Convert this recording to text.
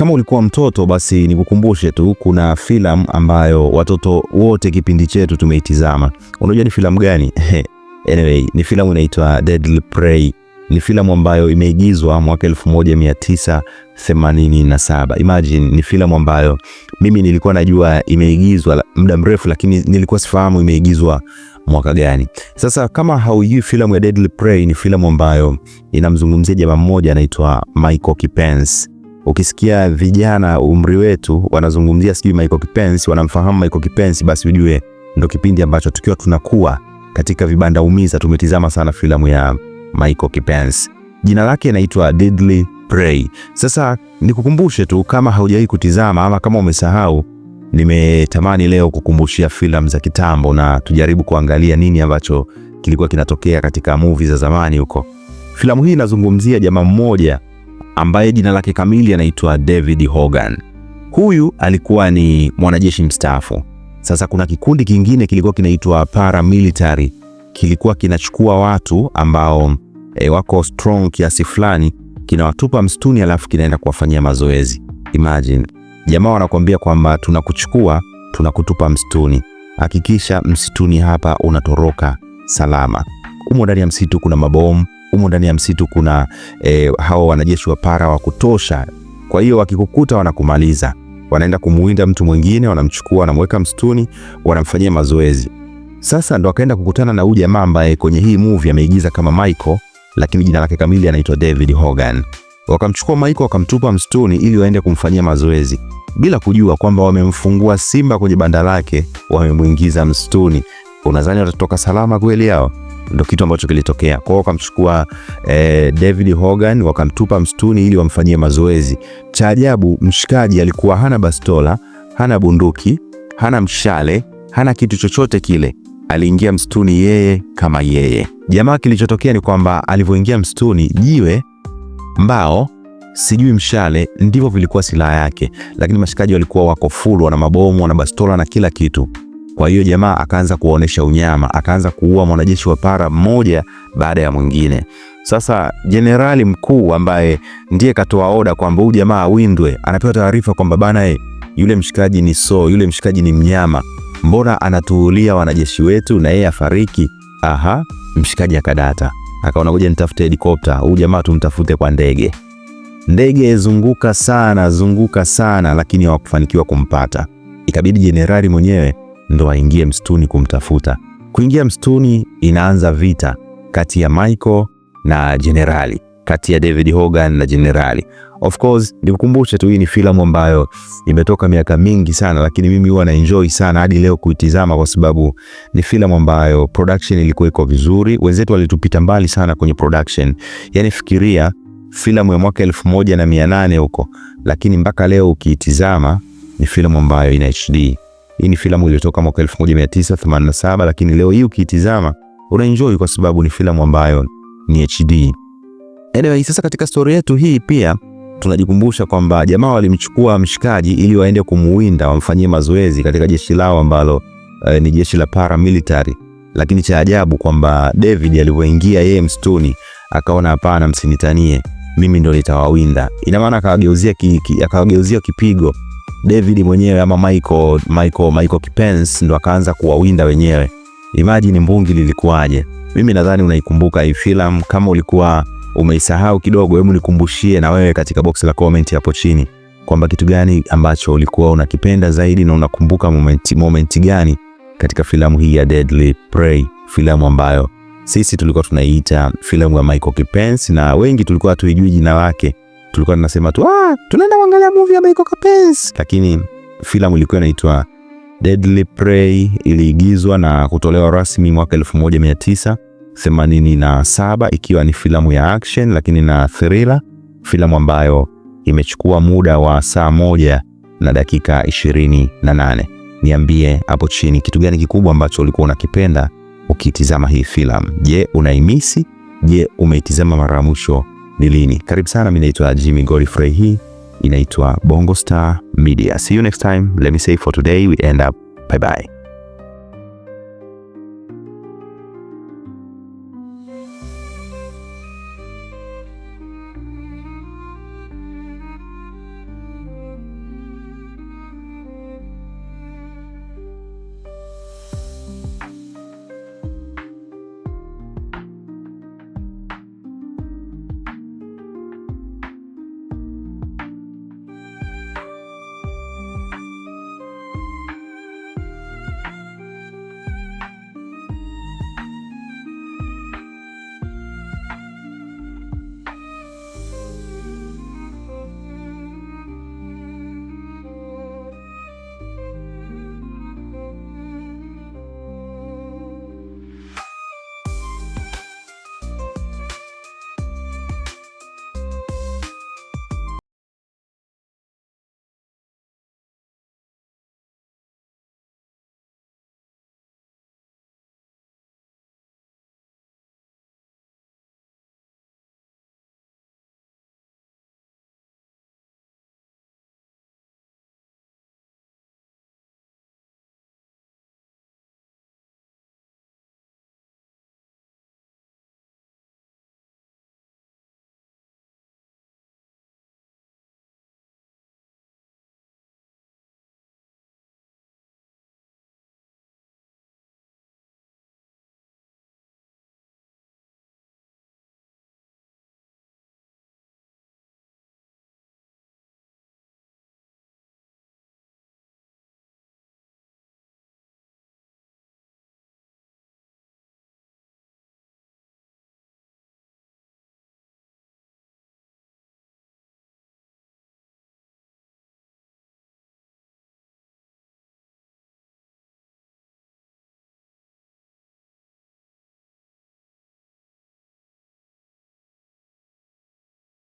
Kama ulikuwa mtoto, basi nikukumbushe tu, kuna filamu ambayo watoto wote kipindi chetu tumeitizama. Unajua ni filamu gani? Anyway, ni filamu inaitwa Deadly Prey. Ni filamu ambayo imeigizwa mwaka 1987. Imagine, ni filamu ambayo mimi nilikuwa najua imeigizwa muda mrefu, lakini nilikuwa sifahamu imeigizwa mwaka gani. Sasa kama haujui filamu ya Deadly Prey, ni filamu ambayo inamzungumzia jamaa mmoja anaitwa Michael Kipenzi. Ukisikia vijana umri wetu wanazungumzia sijui Michael Kipenzi, wanamfahamu Michael Kipenzi, basi ujue ndo kipindi ambacho tukiwa tunakuwa katika vibanda umiza tumetizama sana filamu ya Michael Kipenzi. Jina lake inaitwa Deadly Prey. Sasa nikukumbushe tu kama haujawahi kutizama ama kama umesahau, nimetamani leo kukumbushia filamu za kitambo na tujaribu kuangalia nini ambacho kilikuwa kinatokea katika movie za zamani huko. Filamu hii inazungumzia jamaa mmoja ambaye jina lake kamili anaitwa David Hogan. Huyu alikuwa ni mwanajeshi mstaafu. Sasa kuna kikundi kingine kilikuwa kinaitwa paramilitary, kilikuwa kinachukua watu ambao e, wako strong kiasi fulani, kinawatupa msituni, alafu kinaenda kuwafanyia mazoezi. Imagine jamaa wanakuambia kwamba tunakuchukua, tunakutupa msituni, hakikisha msituni hapa unatoroka salama. Humo ndani ya msitu kuna mabomu humu ndani ya msitu kuna e, eh, hawa wanajeshi wa para wa kutosha. Kwa hiyo wakikukuta wanakumaliza, wanaenda kumuinda mtu mwingine, wanamchukua, wanamweka msituni, wanamfanyia mazoezi. Sasa ndo akaenda kukutana na huyu jamaa ambaye kwenye hii movie ameigiza kama Michael, lakini jina lake kamili anaitwa David Hogan. Wakamchukua Michael wakamtupa msituni ili waende kumfanyia mazoezi bila kujua kwamba wamemfungua simba kwenye banda lake, wamemwingiza msituni. Unadhani watatoka salama kweli hao? ndo kitu ambacho kilitokea kwao. Wakamchukua eh, David Hogan wakamtupa msituni ili wamfanyie mazoezi. Cha ajabu, mshikaji alikuwa hana bastola, hana bunduki, hana mshale, hana kitu chochote kile. Aliingia msituni yeye kama yeye. Jamaa, kilichotokea ni kwamba alivyoingia msituni, jiwe, mbao sijui mshale ndivyo vilikuwa silaha yake, lakini mashikaji walikuwa wako fulu, wana mabomu, wana bastola na kila kitu. Kwa hiyo jamaa akaanza kuonesha unyama, akaanza kuua mwanajeshi wa para mmoja baada ya mwingine. Sasa jenerali mkuu ambaye ndiye katoa oda kwamba huyu jamaa awindwe, anapewa taarifa kwamba bana, e, yule mshikaji ni so, yule mshikaji ni mnyama, mbona anatuulia wanajeshi wetu na yeye afariki? Aha, mshikaji akadata, akaona ngoja nitafute helikopta, huyu jamaa tumtafute kwa ndege. Ndege zunguka sana zunguka sana, lakini hawakufanikiwa kumpata. Ikabidi jenerali mwenyewe ndo aingie msituni kumtafuta. Kuingia msituni, inaanza vita kati ya Michael na jenerali, kati ya David Hogan na jenerali. Of course nikukumbushe tu, hii ni filamu ambayo imetoka miaka mingi sana, lakini mimi huwa na enjoy sana hadi leo kuitizama, kwa sababu ni filamu ambayo production ilikuwa iko vizuri. Wenzetu walitupita mbali sana kwenye production. Yani fikiria filamu ya mwaka elfu moja na mia nane huko, lakini mpaka leo ukiitizama ni filamu ambayo ina HD. Hii ni filamu iliyotoka mwaka 1987 lakini leo hii ukiitizama unaenjoy kwa sababu ni filamu ambayo ni HD. Anyway, sasa katika story yetu hii pia tunajikumbusha kwamba jamaa walimchukua mshikaji ili waende kumuwinda wamfanyie mazoezi katika jeshi lao ambalo eh, ni jeshi la paramilitary, lakini cha ajabu kwamba David alivyoingia yeye msituni akaona hapana, msinitanie mimi ndo nitawawinda. Ina maana akawageuzia ki, ki, akawageuzia kipigo David mwenyewe ama Michael, Michael, Michael Kipens ndo akaanza kuwawinda wenyewe. Imagine mbungi lilikuwaje? Mimi nadhani unaikumbuka hii filamu. Kama ulikuwa umeisahau kidogo, hebu nikumbushie na wewe katika box la comment hapo chini kwamba kitu gani ambacho ulikuwa unakipenda zaidi na unakumbuka momenti, momenti gani katika filamu hii ya Deadly Prey, filamu ambayo sisi tulikuwa tunaiita filamu ya Michael Kipens na wengi tulikuwa hatuijui jina lake tulikuwa tunasema tu ah, tunaenda kuangalia movie ya Michael Capenz, lakini filamu ilikuwa inaitwa Deadly Prey, iliigizwa na kutolewa rasmi mwaka 1987 ikiwa ni filamu ya action lakini na thriller, filamu ambayo imechukua muda wa saa moja na dakika 28. Niambie hapo chini kitu gani kikubwa ambacho ulikuwa unakipenda ukitizama hii filamu. Je, unaimisi? Je, umeitizama mara ya mwisho ni lini. Karibu sana, mimi naitwa Jimmy Godfrey, hii inaitwa Bongo Star Media. See you next time. Let me say for today we end up bye bye.